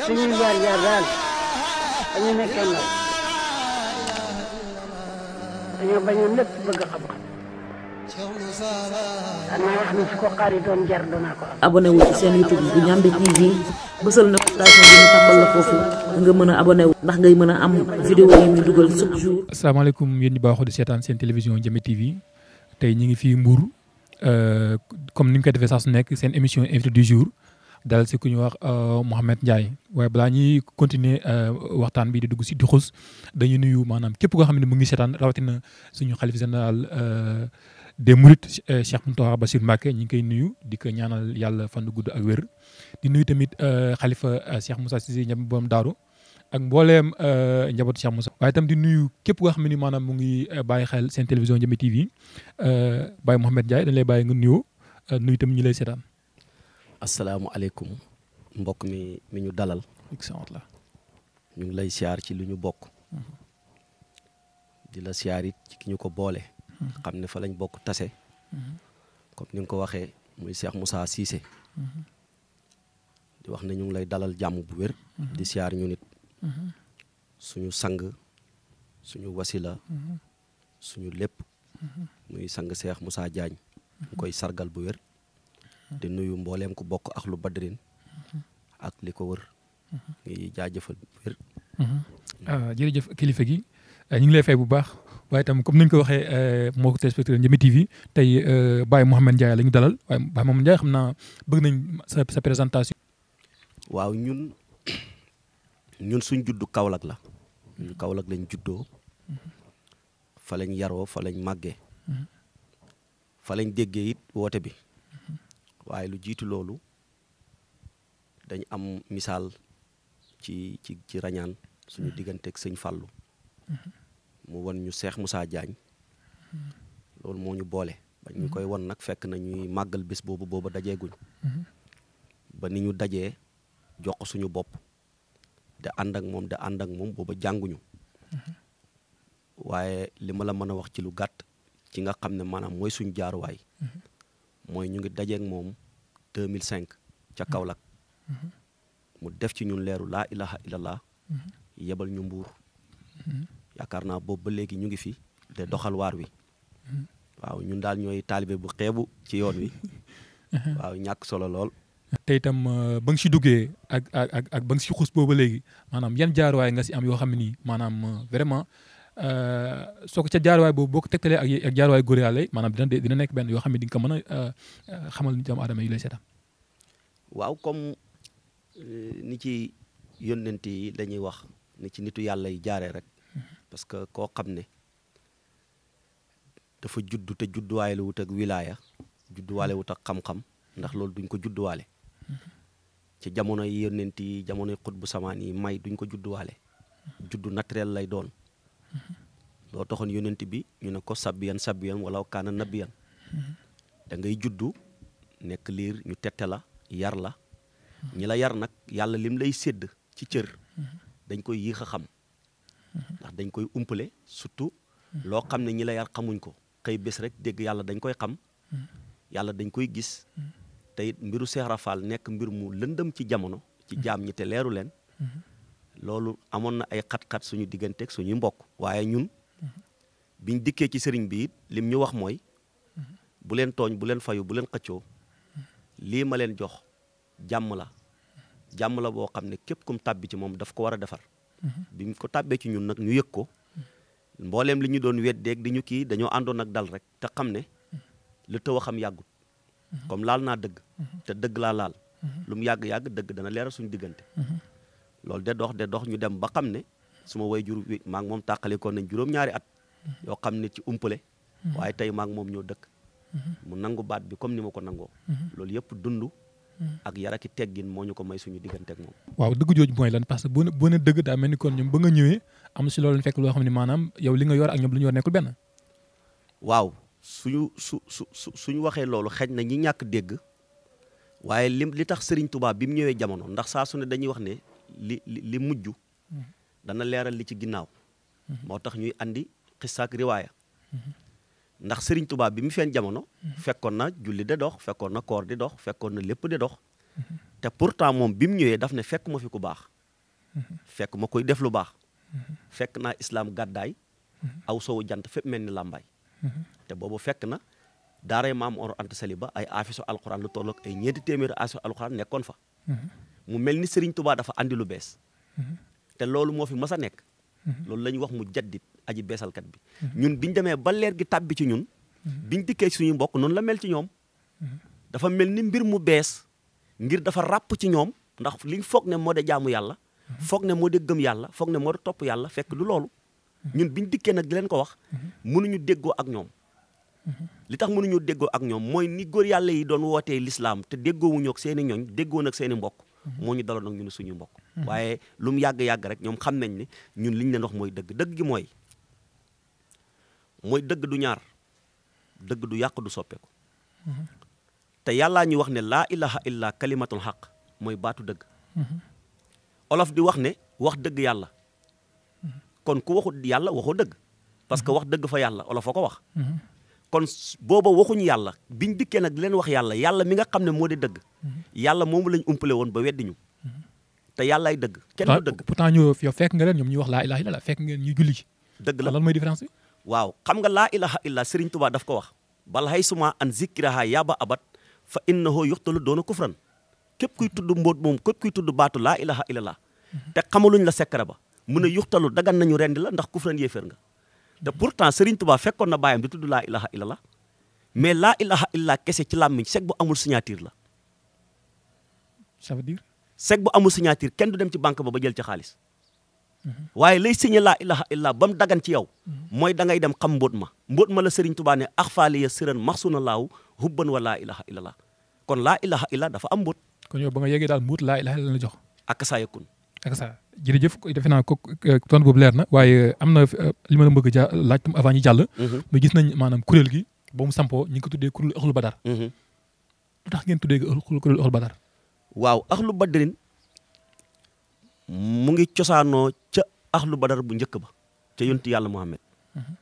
suñu jaar jaar daal dañu nekkee ndaw dañoo bañoon lépp bëgg xam-xam xanaa ko xaar seen YouTube bu Ndiamé TV bësal bi nga mën a abonné wu ndax ngay mën a am vidéo yi ñu dugal chaque jour. asalaamaaleykum yéen ñi baaxoo di seetaan seen télévision Ndiamé TV tey ñu ngi fii Mbour euh, comme ni ñu koy defee sax su nekk seen émission invité du jour. dalal si ku ñu wax euh, Mouhamed Ndiaye waaye balaa ñuy continuer euh, waxtaan bi di dugg si di xus dañuy nuyu maanaam képp koo xam ne mu ngi seetaan rawatina suñu xalif général euh, des Mourides Cheikh Mountakha Bassirou Mbacké ñu ngi koy nuyu di ko ñaanal yàlla fan gudd ak wér di nuyu tamit xalifa Cheikh Moussa Cissé ñam boom daaru ak mbooleem njabootu Cheikh Moussa. waaye itam di nuyu képp koo xam ne maanaam mu ngi bàyyi xel seen télévision Ndiamé TV Baye Mouhamed Ndiaye dañ lay bàyyi nga nuyoo nuyu itam ñu lay seetaan. assalaamu asalaamualeykum mbokk mi mi ñu dalal. la ñu ngi lay siyaar ci lu ñu bokk. Mm-hmm. di la siyaar it ci ki ñu ko boole. Mm-hmm. xam ne fa lañ bokk tase. Mm-hmm. comme ni nga ko waxee muy Cheikh Moussa Cissé. di wax na ñu ngi lay dalal jàmm bu wér. di siyaar ñu nit. suñu sang suñu wasila. suñu lépp. muy sang Cheikh Moussa Diagne. ñu koy sargal bu wér. di nuyu mbooleem ko bokk ak lu badrin ak li ko wër ngi jaajëfal wér euh, jërëjëf kilifa gi euh, ñu ngi lay fay bu baax waaye tam comme ni ko waxee euh, moo ko téléspectateur Ndiémé TV tey Baye Mouhamed Ndiaye la ñu dalal waaye Baye Mouhamed xam naa bëgg nañ sa sa présentation. waaw ñun ñun suñ judd Kaolack la. ñun lañ juddoo. fa lañ yaroo fa lañ màggee. Mm-hmm. fa lañ déggee it woote bi. waye lu jitu Dan dañ am misal ci ci ci rañan suñu mm-hmm. digantek sëñ fallu mm-hmm. mu won ñu cheikh moussa diagne loolu moñu bolé bañ ñu koy mm-hmm. won nak fekk na ñuy gun. bobu bobu dajé guñ ba ni ñu dajé jox suñu bop da and ak mom da and ak mom bobu janguñu waye lima la mëna wax ci lu gatt ci nga xam manam moy suñu jaar way moy ñu ngi ak mom 2005 ca Kaolack mu def ci ñun leeru laa ilaha illallah yebal ñu mbuur yaakaar naa boobu ba léegi ñu ngi fi de doxal waar wi waaw ñun daal ñooy taalibe bu xeebu ci yoon wi waaw ñàkk solo lool te itam euh, ba nga si duggee ak ak ak ba nga si xus boobu léegi maanaam yan jaaruwaay nga si am yoo xam ne nii maanaam euh, vraiment Euh, soo ko ca jaaruwaay boobu boo ko tegtalee ak ak jaaruwaay góor yàlla yi maanaam dina dina nekk benn yoo xam ne di nga ko a euh, euh, xamal doomu aadama yu lay seetaan. comme ni ci yónnent yi la wax ci nitu yàlla jaaree rek parce que koo xam ne dafa juddu te judduwaay la wut wilaaya judduwaale wut ak xam-xam ndax loolu duñ ko judduwaale. ci jamono yi yónnent yi yi xut bu samaan yi may duñ ko judduwaale. juddu naturel lay doon. loo taxoon yonent bi ñu ne ko sabbiyan sabbiyan wala kaana nabiyan da juddu nekk liir ñu tette la yar la ñi la yar nag yàlla lim lay sédd ci cër dañ koy yéex a xam ndax dañ koy umpale surtout loo xam ne ñi la yar xamuñ ko xëy bés rek dégg yàlla dañ koy xam yàlla dañ koy gis te mbiru Seex Ibra nekk mbir mu lëndëm ci jamono ci jaam ñi leeru leen loolu amoon na ay xat-xat suñu digganteek ak suñuy mbokk waaye ñun biñ dikkee ci sëriñ bi it lim ñu wax mooy bu leen tooñ bu leen fayu bu leen xëccoo lii ma leen jox jàmm la jàmm la boo xam ne képp kum tàbbi ci moom daf ko war a defar biñ ko tàbbee ci ñun nag ñu yëg ko mbooleem li ñu doon weddeeg di ñu kii dañoo àndoon ak dal rek te ne lu tëw a xam yàggut comme laal naa dëgg te dëgg laa laal lu mu yàgg-yàgg dëgg dana leeral suñu diggante loolu de dox de dox ñu dem ba xam ne suma way jur wi maa ngi moom tàqalikoon nañ juróom-ñaari at yoo xam ne ci umpale mhm. waaye tey maa moom ñoo dëkk mhm. mu nangu baat bi comme ni ma ko nangoo mhm. loolu yëpp dund ak yaraki teggin moo ñu ko may suñu diggante ak moom waaw dëgg jooju mooy la parce que bu bu ne dëgg ni kon ñoom ba nga ñëwee am si loolu maanaam yow li nga yor ak ñoom lu ñu yor nekkul benn waaw suñu su su su suñu waxee loolu xëj na ñi ñàkk dégg waaye li li tax sëriñ tubaab bi mu ñëwee jamono ndax saa su ne dañuy wax ne li li mujj dana leeral li ci ginnaaw moo tax ñuy andi xisaak riwaaya ndax Serigne tubaab bi mu feeñ jamono fekkoon na julli di dox fekkoon na koor di dox fekkoon na lépp de dox te pourtant moom bi mu ñëwee daf ne fekk ma fi ku baax fekk ma koy def lu baax fekk naa islaam gàddaay aw sowu jant fépp mel ni làmbaay te boobu fekk na daaray maam Mor Anta Sali ay aafisu alxuraan lu tollook ay ñeenti téeméeri aafisu alxuraan nekkoon fa mu mel ni Serigne Touba dafa andi lu bees. Mhm. te loolu moo fi mës a nekk. Mhm. loolu la ñuy wax mu jaddit aji beesalkat bi. Mhm. ñun biñ demee ba leer gi tàbbi ci ñun. biñ dikkee suñu mbokk noonu la mel ci ñoom. dafa mel ni mbir mu bees ngir dafa ràpp ci ñoom ndax liñ foog ne moo de jaamu yàlla. foog ne moo de gëm yàlla foog ne moo de topp yàlla fekk lu loolu. ñun biñ dikkee nag di leen ko wax. munuñu déggoo ak ñoom. li tax mënuñu déggoo ak ñoom mooy ni góor yàlla yi doon wootee lislaam te déggoo wuñu seen i ñoñ déggoo nag seen i mbokk. Mhm. moo ñu daloon ak ñun suñu mbokk mhm. waaye lu mu yàgg-yàgg rek ñoom xam nañ ne ñun liñ leen wax mooy dëgg dëgg gi mooy mooy dëgg du ñaar dëgg du yàq du soppeeku mhm. te yàlla ñu wax ne laa ilaha illa kalimatul xaq mooy baatu dëgg olof di wax ne wax dëgg yàlla kon ku waxut yàlla waxoo dëgg parce que wax dëgg fa yàlla olofoo ko wax kon booba waxuñu yàlla biñ dikkee nag leen wax yàlla yàlla mi nga xam ne moo di dëgg mm-hmm. yàlla moomu lañ umpale woon ba weddi ñu mm-hmm. te yàllaay dëgg kenn du ah, dëgg pourtant ñu fekk nga leen ñoom ñuy wax laa ilaha illallah fekk ngeen ñuy julli ji dëgg la lan mooy différence bi waaw xam nga laa ilaha illa Serigne Touba daf ko wax bal hay suma an zikkiraha yaaba abat fa innahu yuxtalu doona kufran képp kuy tudd mbóot moom képp kuy tudd baatu laa ilaha la mm-hmm. te xamaluñ la sekkara ba mun a yuxtalu dagan nañu rendi la ndax kufran yéeféer nga te pourtant Serigne Touba fekkoon na baayam di tudd laa ilaha la mais laa ilaha illallah kese ci làmmiñ seg bu amul signature la. ça veut dire. bu amul signature kenn du dem ci banque ba ba jël ci xaalis. Mhm. waaye lay signé laa ilaha illallah ba mu dagan ci yow. Mhm. mooy da ngay dem xam mbóot ma. mbóot ma la Serigne Touba ne axfaaliya siran na laaw hubban wa laa ilaha la kon laa ilaha illallah dafa am mbóot. kon yow ba nga yeggee daal mbóot laa ilaha illallah la jox. ak saa yëkkun. ak ça jërëjëf defe naa ko euh, tontu boobu leer na waaye euh, am na euh, li ma la bëgg a laaj tam avant ñu jàll. Mhm. ba gis nañ maanaam kuréel gi boo mu sampoo ñu ngi ko tuddee kuréelu axlu badar. Mhm. lu tax ngeen tuddee kuréelu axlu badar. waaw axlu badrin mu ngi cosaanoo ca axlu badar bu njëkk ba ca yonti yàlla Muhammad mhm.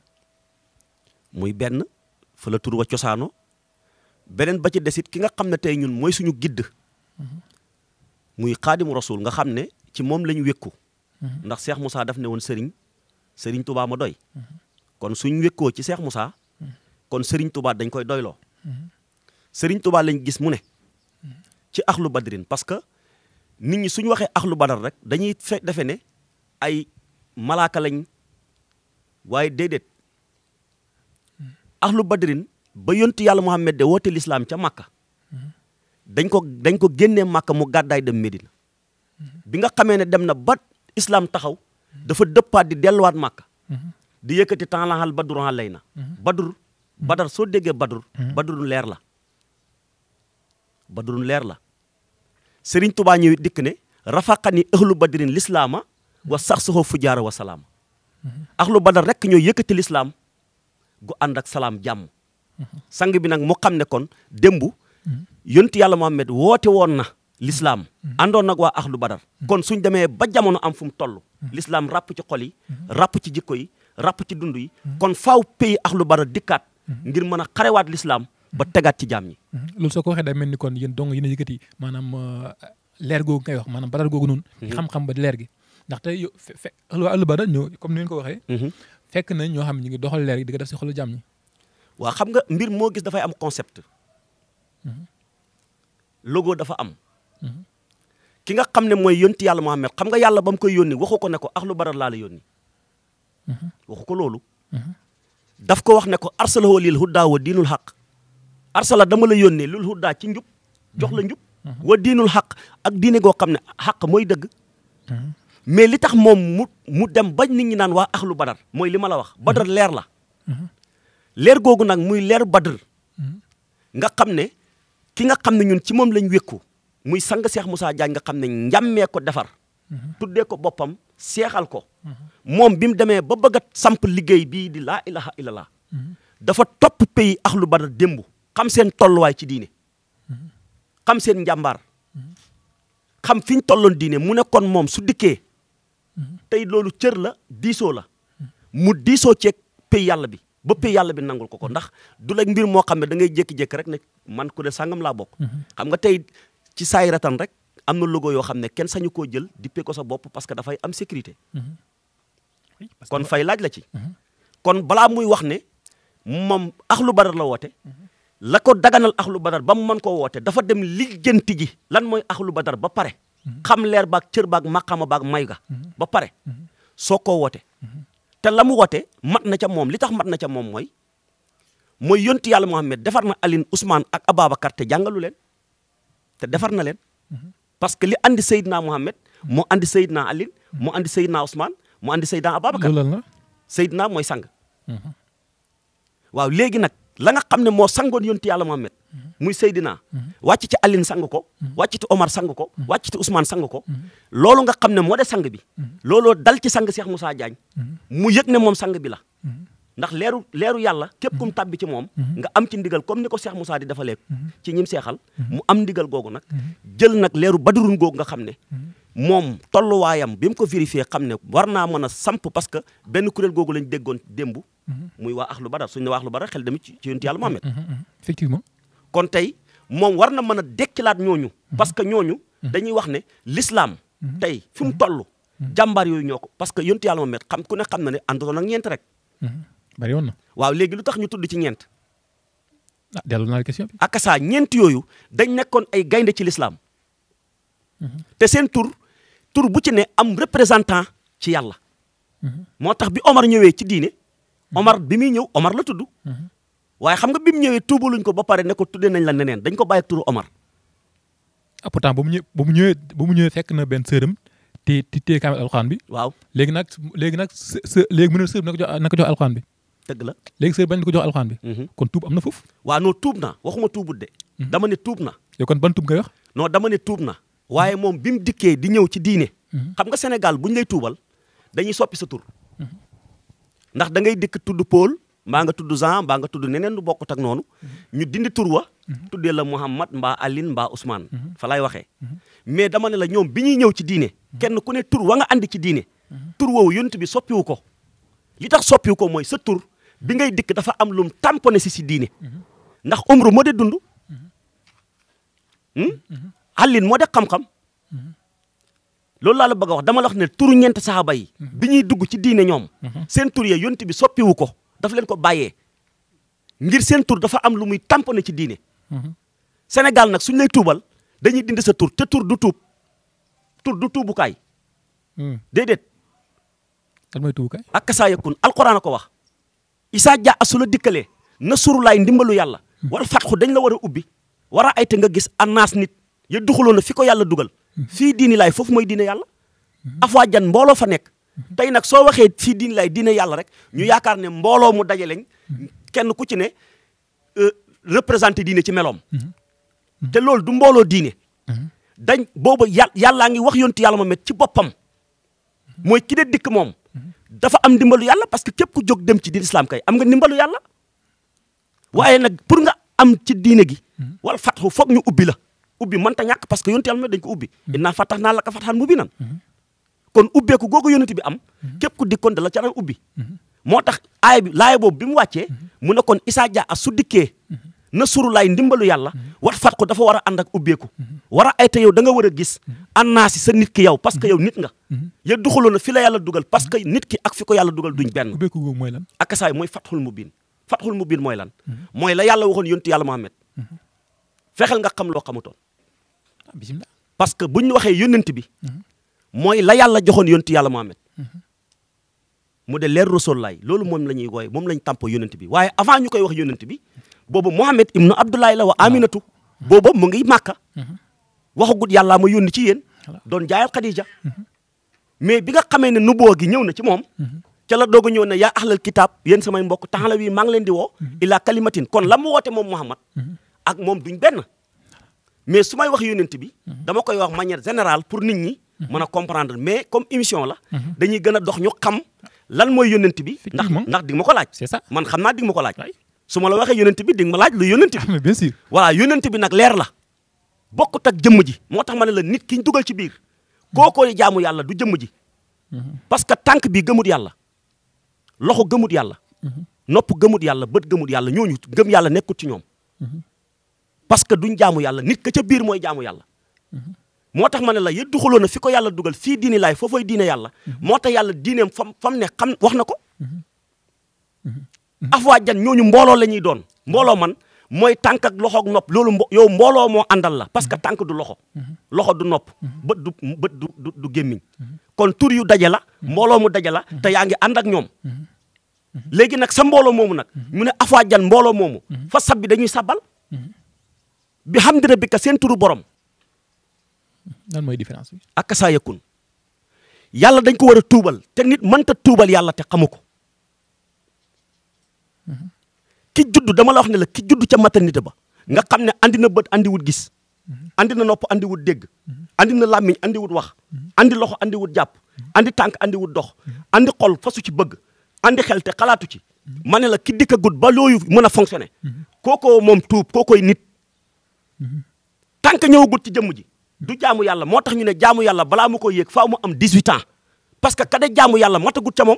muy benn fa la tur wa cosaanoo beneen ba ci desit ki nga xam ne tey ñun mooy suñu gidd. muy xaadimu rasul nga xam ne. ci moom la ñu wékku mhm. ndax seex Moussa daf ne woon Serigne Serigne Touba ma doy mhm. kon suñ wékkoo ci Cheikh Moussa mhm. kon Serigne tubaa dañ koy doyloo Serigne Touba lañ gis mu ne ci axlu badrin parce que nit ñi suñ waxee axlu badar rek dañuy fe defe ne ay malaaka lañ waaye déedéet axlu badrin ba yontu yàlla Muhammad de te lislaam ca Makka dañ ko dañ ko génnee Makka mu gàddaay dem Medina bi nga xamé ne dem na ba islam taxaw dafa deppat di wat makka di yëkkati hal baduraan lay na badur badar soo badur badurun leer la badurun leer la serigne touba ñëw dik né rafaqani ahlu badrin lislaama wa sakhsuhu fujara wa salam ahlu badar rek ñoy yëkëti l'islam gu and ak salam jàmm sang bi nak mo xamné kon dembu, yonti yalla Muhammad woote woon na lislaam àndoon mhm. nag waa ahlu badar mhm. kon suñ demee ba jamono am fu mu toll mhm. l'islam ràpp ci xol yi ràpp ci jikko yi ràpp ci dund yi kon faaw pays ahlu badar dikkaat ngir mën a xare waat lislaam ba tegaat ci jaam ñi loolu soo ko waxee day mel ni kon yéen dong yéen a yëkkati maanaam euh, leer googu ngay wax maanaam badar googu noonu xam-xam ba leer gi ndaxte yow fe waa ahlu badar ñoo comme ni ngeen ko waxee fekk na ñoo xam ne ñu ngi doxal leer gi di ko def si xolu jaam ñi waaw xam nga mbir moo gis dafay am concept logo dafa am ki nga xam ne mooy yonti yàlla Muhammad xam nga yàlla ba mu koy yónni waxu ko ne ko ahlu badar laa la yónni wax ko loolu daf ko wax ne ko arsalahu lil huddaa wa diinul xaq arsala dama la yónnee lil huddaa ci njub jox la njub wa diinul xaq ak diine goo xam ne xaq mooy dëgg mais li tax moom mu mu dem bañ ni ñi naan waa axlu badar mooy li ma la wax badar leer la leer googu nag muy leer badar nga xam ne ki nga xam ne ñun ci moom lañ wékku muy sang Cheikh Moussa Diagne nga xamné ñamé ko défar mhm. tuddé ko bopam seexal ko. mom mhm. bim démé ba bëgg samp liggéey bi di la ilaha illallah. Mhm. dafa top pays akhlu badar dembu xam seen way ci diiné xam seen njàmbaar. xam fiñ tollon diiné mu ne kon mom su diké tay lolu cër la diisoo la. mu diisoo ci pays yalla bi. ba pays yalla bi nangul ko ko ndax du la mbir mo xam da ngay jék jék rek ne man ku de sangam la bok xam nga tay ci saay ratan rek am na logo yoo xam ne kenn sañu koo jël dippee ko sa bopp parce que dafay am sécurité. Mhm. kon fay laaj la ci. Mhm. kon balaa muy wax ne moom axlu badar la woote. Mhm. la ko daganal axlu badar ba mu mën koo woote dafa dem lijjanti ji lan mooy axlu badar ba pare. xam leer baag cër baag maqama baag may ga ba pare soo ko woote. te la mu woote mat na ca moom li tax mat na ca moom mooy mooy yonti yàlla Muhammad defar na Aline Ousmane ak Ababacar te jàngalu leen. te defar na leen. parce que li andi Seydina Mohamed. moo andi Seydina Alin. moo andi Seydina Ousmane moo andi Seydina Ababacar. loolu Seydina mooy sang. Mhm. waaw léegi nag la nga xam ne moo sangoon yonti yàlla Mohamed. muy Seydina. Mhm. wàcc ci Alin sang ko. Mhm. wàcc ci Omar sang ko. wàcc ci Ousmane sang ko. loolu nga xam ne moo de sang bi. looloo dal ci sang Cheikh Moussa Diagne. mu yëg ne moom sang bi la. ndax leeru leeru yàlla képp kum mhm. tàbbi ci moom mhm. nga am ci ndigal comme ni ko Cheikh Moussa di defalee mhm. ci ñim seexal mu am ndigal googu nag jël nag leeru badurun googu nga xam ne moom tolluwaayam bi mu ko vérifié xam ne war naa mën a samp parce que benn kuréel googu lañ déggoon démb muy waa lu badar suñu ne waa axlu badar xel damit ci yonent yàlla Muhammad effectivement kon tey moom war na mën a dekkilaat ñooñu parce que ñooñu dañuy wax ne lislaam tey fi mu toll jàmbaar yooyu ñoo ko parce que yonent yàlla Muhammad xam ku ne xam na ne àndoon ak ñeent rek bari woon na waaw léegi lu tax ñu tudd ci ñeent. ah dellu naa la question bi. ñeent yooyu dañ nekkoon ay gaynde ci lislaam mhm. te seen tur tur bu ci ne am représentant ci yàlla. Mhm. moo tax bi Omar ñëwee ci diine. Mhm. Omar bi muy ñëw Omar la tudd. waaye xam nga bi mu ñëwee tuubaluñ ko ba pare ne ko tuddee nañ la neneen dañ ko bàyyi turu Omar. ah pourtant bu mu ñëwee bu mu ñëwee bu mu ñëwee fekk na benn sëram te te téye kaamil bi. waaw léegi nag léegi nag së léegi mu ne sër na ko jox na ko bi. dëgg la léegi sëy bañ di ko jox alxuraan bi mhm. kon tuub am na foofu waaw non tuub na waxuma tuubut de mhm. dama ne tuub na yow kon ban tuub ngay wax non dama ne tuub na waaye moom bi mu dikkee di ñëw ci diine mhm. xam nga senegal bu ñu lay tuubal dañuy soppi sa tur ndax dangay ngay dikk tudd pool mbaa nga tudd Jean mbaa nga tudd neneen du bokkut ak noonu ñu dindi tur wa tuddee la Mouhamad mbaa Aline mbaa Ousmane fa laay waxee mais dama ne la ñoom bi ñuy ñëw ci diine kenn ku ne tur wa nga andi ci diine tur woowu yonent bi soppiwu ko li tax soppiwu mooy sa tur bi ngay dikk dafa am lum tamponné si si diine ndax umru moo de dund àllin hmm? moo de xam-xam loolu laa bëgg wax dama la wax ne turu ñeent saxaaba yi bi ñuy dugg ci diine ñoom seen tur yee yonti bi soppiwu ko daf leen ko bàyyee ngir seen tur dafa am lu muy ne ci diine senegal nag suñ lay tuubal dañuy dindi sa tur te tur du tuub tur du tuubukaay hmm. déedéet kan mooy tuubukaay ak kasaa yakun a ko wax isaa jaa asu la dikkalee nasurulaay ndimbalu yàlla hmm. wal fatxu dañ la war a ubbi wara a ay te nga gis annaas nit ya duxuloon na fi ko yàlla dugal hmm. fii diini laay foofu mooy diine yàlla hmm. afwaa jan mbooloo fa nekk tey nag soo waxee fii diini lay diine yàlla rek ñu yaakaar ne mbooloo mu daje kenn ku ci ne euh, représenté diine ci meloom te loolu du mbooloo diine dañ boobu yàlla yàllaa ngi wax yontu yàlla ma met ci boppam mooy ki dikk moom dafa am ndimbalu yàlla parce que képp ku jóg dem ci diin islam kay am nga ndimbalu yàlla waaye nag pour nga am ci diina gi wala fatxu foog ñu ubbi la ubbi mënta ñàkk parce que yonent yàlla dañ ko ubbi innaa fatax naa la ka fatxan mubiinan kon ubbeeku googu yonent bi am képp ku dikkoon da la ca ubbi moo tax aay bi laaya boobu bi mu wàccee mu ne kon isaa ja a su dikkee na nasurulaay ndimbalu yàlla mm-hmm. wat fat ko dafa war a ànd ak ubbeeku mm-hmm. war a ay te yow da nga war a gis mm-hmm. annaasi sa nit ki yow parce que yow nit nga ya duxaloo na fi la yàlla dugal parce que nit ki ak fi ko yàlla dugal duñ benn ubbeeku googu mooy lan ak kasaay mooy fatxul mubin fatxul mubin mooy lan mooy la yàlla waxoon yontu yàlla Muhammad fexeel nga xam loo xamutoon ah, bismillah parce que buñ waxee yónnent bi mooy la yàlla joxoon yontu yàlla Muhammad mu de leer rasul laay loolu moom la ñuy wooye moom lañ tàmpo yónnent bi waaye avant ñu koy wax yónnent bi boobu Mohamed ibnu Abdoulaye la wa Aminatu boobu mu ngi Màkka mhm. waxagut yàllaa ma yónni ci yéen doon jaayal Khadija mhm. mais bi nga xamee ne nubuwa gi ñëw na ci moom mhm. ca la doog ñëw ne yaa ahlal kitaab yéen samay mbokk taxala wii maa ngi leen di woo illaa kalimatin kon la mu woote moom Muhammad ak moom duñ benn mais su may wax yónent bi dama koy wax manière générale pour nit ñi mën a comprendre mais comme émission la dañuy gën a dox ñu xam lan mooy yónent bi ndax ndax di ma ko laaj c'est man xam naa di ma ko laaj su la waxee yonent bi di nga ma laaj lu yonent bi ah, bien sûr voilà yonent bi nag leer la bokkut ak jëmm ji moo tax ma ne la nit ki ñu dugal ci biir kookoo jaamu yàlla du jëmm ji mm-hmm. parce que tànk bi gëmut yàlla loxo gëmut yàlla mm-hmm. nopp gëmut yàlla bët gëmut yàlla ñooñu gëm yàlla nekkut ci ñoom mm-hmm. parce que duñ jaamu yàlla nit ka ca biir mooy jaamu yàlla moo tax ma ne la yëddu xuloo na fi ko yàlla dugal fii diini laay foofay diine yàlla moo tax yàlla diineem fam fam ne xam wax na ko Mhm. afwaajan ñooñu mbooloo la ñuy doon mbooloo man mooy tànk ak loxo ak nopp loolu mbo yow mbooloo moo àndal la parce que mhm. tànk du loxo mhm. loxo du nopp bët du bët du du gémmiñ kon tur yu daje la mbooloo mu daje la te yaa ngi ànd ak ñoom léegi nag sa mbooloo moomu nag mu ne jan mbooloo moomu fa sab bi dañuy sabbal bi rabbika seen turu borom lan mooy différence bi ak saa yakun yàlla dañ ko war a tuubal te nit mënta tuubal yàlla te xamu ki juddu dama la wax ne la ki judd ca maternité ba nga xam ne andi na bët andi wut gis mhm. andi na nopp andi wut dégg mhm. andi na làmmiñ andi wut wax mhm. andi loxo andi wut jàpp andi tànk andi wut dox andi xol fasu ci bëgg andi xel te xalaatu ci ma ne la ki dikkagut ba looyu mën a fonctionner kookoo moom tuub koy nit tànk ñëwagut ci jëmm ji du jaamu yàlla moo tax ñu ne jaamu yàlla balaa mu koy yéeg faaw mu am 18 ans parce que ka de jaamu yàlla matagut ca moom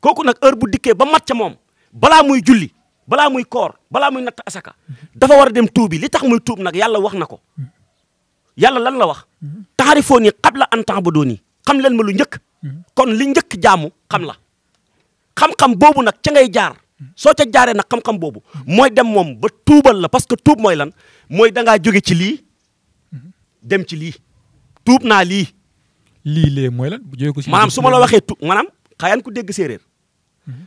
kooku nag heure bu dikkee ba mat ca moom balaa muy julli balaa muy koor balaa muy natt asaka dafa war a dem tuubi li tax muy tuub nag yàlla wax na ko yàlla lan la wax taxarifoo nii xab la an taabudoo nii xam leen ma lu njëkk kon li njëkk jaamu xam la xam-xam boobu nag ca ngay jaar soo ca jaaree nag xam-xam boobu mooy dem moom ba tuubal la parce que tuub mooy lan mooy dangaa jóge ci lii dem ci lii tuub naa lii lii lee mooy lan maanaam su ma la waxee tuub maanaam xayaan ku dégg séeréer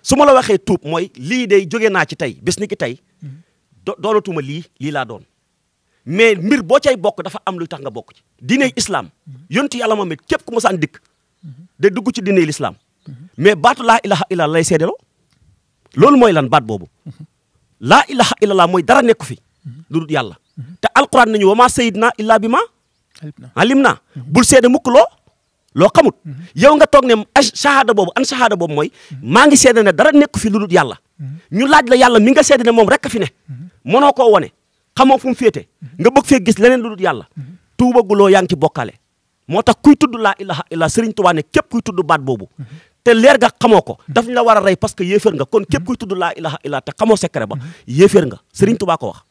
su ma la waxee tuub mooy lii dey jóge naa ci tey bés ni ki tey doolatuma lii lii laa doon mais mbir boo cay bokk dafa am lu tax nga bokk ci diiney islaam yontu yàlla moom it képp ku ma mosaan dikk de dugg ci diiney l'islam mais baatu laa ilaha illa lay seedeloo loolu mooy lan baat boobu laa ilaha mooy dara nekku fi lu dul yàlla te alquran nañu wa maa sayid naa illaa bi ma alim bul seede mukk loo loo xamut mm-hmm. yow nga toog ne ay shahada boobu an shahada boobu mooy mm-hmm. maa ngi seede ne dara nekk fi lu dul yàlla mm-hmm. ñu laaj la yàlla mi nga seede ne moom rek a fi ne mënoo koo wone xamoo fu mu féete nga bëgg fee gis leneen lu dul yàlla tuubaguloo yaa ngi ci bokkaale moo tax kuy tudd laa ilaha illa sëriñ Tuubaa ne képp kuy tudd boobu te leer nga xamoo ko daf la war a parce que yéeféer nga kon képp kuy tudd laa ilaha illa te xamoo secret ba yéeféer nga sëriñ Tuubaa ko wax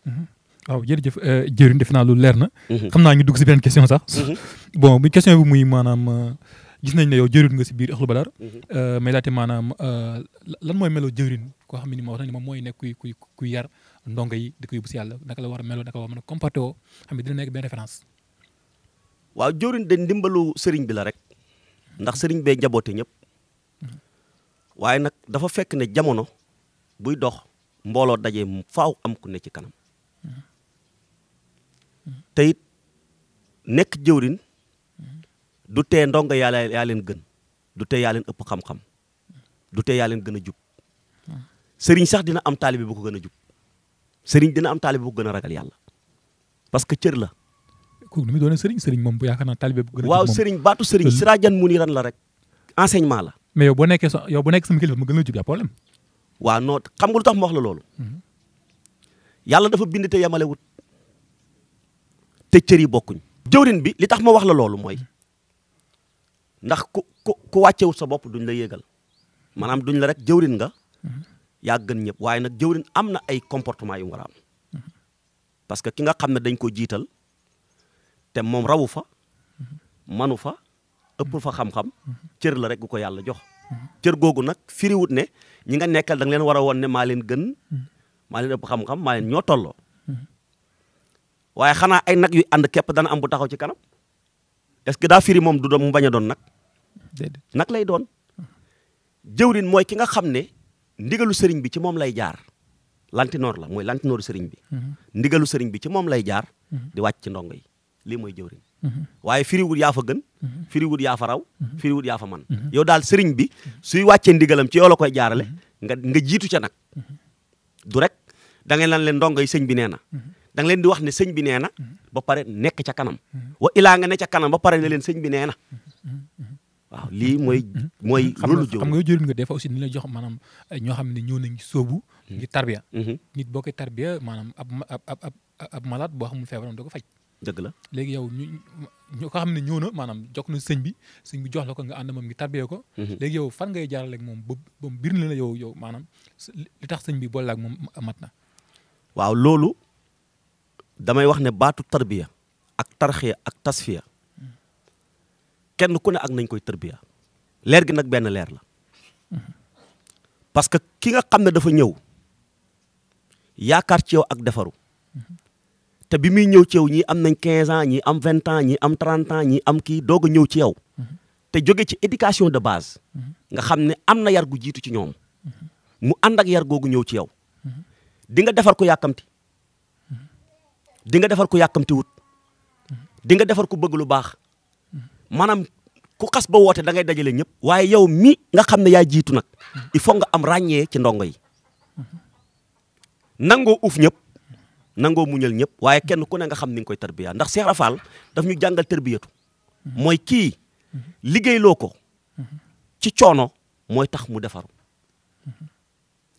waaw jërëjëf euh, jëriñ defe naa loolu leer na. Mhm. xam naa ñu dugg si beneen question sax. Mhm. bon bu question bi muy maanaam euh, gis nañ ne yow jëriñ nga si biir axlu badar mhm. euh, mais laajte maanaam lan mooy melo jëriñ koo xam ne ni ma wax na ni moom mooy nekk kuy kuy kuy yar ndongo yi di ko yóbbu si yàlla naka la war a meloo naka la war a mën a comporté woo xam ne dina nekk benn référence. waaw jëriñ de ndimbalu sëriñ bi la rek ndax sëriñ bee njaboote ñëpp waaye nag dafa fekk ne jamono buy dox mbooloo dajee faaw am ku ne ci kanam. te it nekk jëwrin du tee ndongo yàlla yaa leen gën du tee yaa leen ëpp xam-xam du tee leen gën a jub sëriñ sax dina am taalibe bu ko gën a jub sëriñ dina am taalibe bu gën a ragal yàlla parce que cër la. kooku nu muy doon sëriñ sëriñ moom bu yaakaar naa taalibe bu gën a jub waaw sëriñ baatu sëriñ siraajan muniran la rek enseignement la. mais yow boo nekkee sa yow bu nekk sama kilifa mu gën a jub yaa problème. waaw non xam nga lu tax ma la loolu. Mhm. yàlla dafa bind te yemalewut te cër yi bokkuñ jëwrin bi li tax ma wax la loolu mooy ndax ku ku ku wàccewut sa bopp duñ la yéegal maanaam duñ la rek jëwrin nga yaa gën ñëpp waaye nag jëwrin am na ay comportement yu war am parce que ki nga xam ne dañ ko jiital te moom rawu fa manu fa ëpp fa xam-xam cër la rek gu ko yàlla jox cër googu nag wut ne ñi nga nekkal da leen war a woon ne maa leen gën maa leen ëpp xam-xam maa leen ñoo tolloo waaye xanaa ay nag yu ànd képp dana am bu taxaw ci kanam est-ce que daa firi moom du doon baña bañ a doon nag. nag lay doon. jëwrin mooy ki nga xam ne ndigalu sëriñ bi ci moom lay jaar lantinoor la mooy lantinooru sëriñ bi. Mhm. ndigalu sëriñ bi ci moom lay jaar. Mhm. di wàcc ci ndongo yi lii mooy jëwrin. Mhm. waaye firiwul yaa fa gën. firiwul yaa fa raw. firiwul yaa fa man yow daal sëriñ bi suy wàccee ndigalam ci yow koy jaarale. nga nga jiitu ca nag. du rek da lan leen ndongo yi sëñ bi nee na. da nga di wax ne sëñ bi nee na mhm. ba pare nekk ca kanam mhm. wa ilaa nga ne ca kanam ba pare ne leen sëñ bi nee na mhm. lii mooy mooy loolu jëw xam nga jëriñ nga des fois aussi ni la jox maanaam ñoo xam ne ñëw nañ sóobu ngir tarbiya nit boo koy tarbiya maanaam ab ab ab ab malade boo xamul feebaram doo ko faj dëgg la léegi yow ñu ñu ko xam ne ñëw na maanaam jox na sëñ bi sëñ bi jox la ko nga ànd moom ngi tarbiya ko léegi yow fan ngay jaarale ak moom ba ba bir na la yow yow maanaam li tax sëñ bi boole ak moom mat na waaw loolu damay wax ne baatu tarbiya ak tarxiya ak tasfiya kenn ku ne ak nañ koy tarbiya leer gi nag benn leer la parce que ki nga xam ne dafa ñëw yaakaar ci yow ak defaru te bi muy ñëw ci yow ñii am nañ 15 ans ñii am 20 ans ñii am 30 ans ñii am kii doog a ñëw ci yow te jóge ci éducation de base nga xam ne am na yar gu jiitu ci ñoom mu ànd ak yar googu ñëw ci yow di nga defar ko yàkkamti di nga defar ko yàkkamti wut di nga defar ko bëgg lu baax maanaam ku xas ba woote da ngay dajale ñëpp. waaye yow mi nga xam ne yaa jiitu nag il faut nga am ràññee ci ndongo yi nangoo uuf ñëpp nangoo muñal ñëpp waaye kenn ku ne nga xam ni nga koy tarbiya ndax Cheikh Rafal daf ñu jàngal tarbiyatu mooy kii liggéeyloo ko ci coono mooy tax mu defaru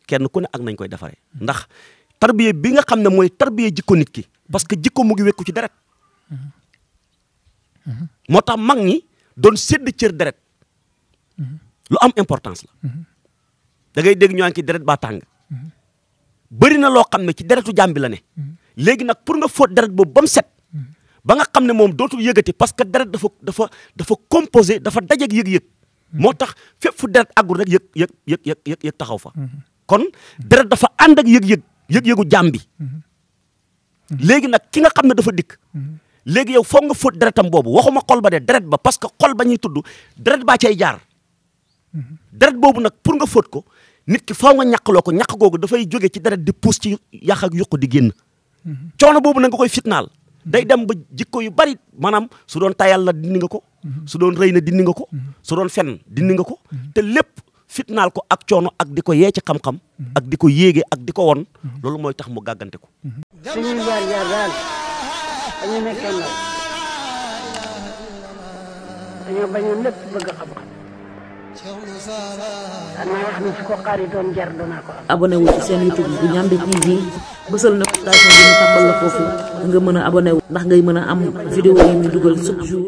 kenn ku ne ak nañ koy defaree ndax. tarbiya bi nga xam ne mooy tarbiya jikko nit ki parce que jikko mu ngi wekku ci deret moo tax mag ñi doon sedd cër deret lu am importance la da ngay dégg ñu naan ci deret baa tàng bëri na loo xam ne ci deretu jàmm bi la ne léegi nag pour nga fóot deret boobu ba set ba nga xam ne moom dootul yëgati parce que deret dafa dafa dafa composé dafa dajeeg yëg-yëg moo tax fépp fu deret àggul rek yëg yëg yëg yëg yëg taxaw fa kon deret dafa ànd ak yëg-yëg yëg-yëgu jaam bi mm-hmm. léegi nag ki nga xam ne dafa dikk mm-hmm. léegi yow foog nga fóot deretam boobu waxuma xol ba de deret ba parce que xol ba ñuy tudd deret baa cay jaar mm-hmm. deret boobu nag pour nga fóot ko nit ki faaw nga ñàqloo ko ñàq googu dafay jóge ci deret di puus ci yàq ak yuq di génn coono boobu na nga koy fitnaal day dem ba jikko yu bari maanaam su doon tayal la dindi nga ko su doon rëy na dindi nga ko su doon fen dindi nga ko te lépp fitnal ko ak coono ak di ye ci xam-xam mhm. ak diko yegge ak diko won mhm. lolou moy tax mu ko la mhm. bëgg xam youtube bu ñambi tv bësal notification bi ñu la foofu nga am vidéo yi ñu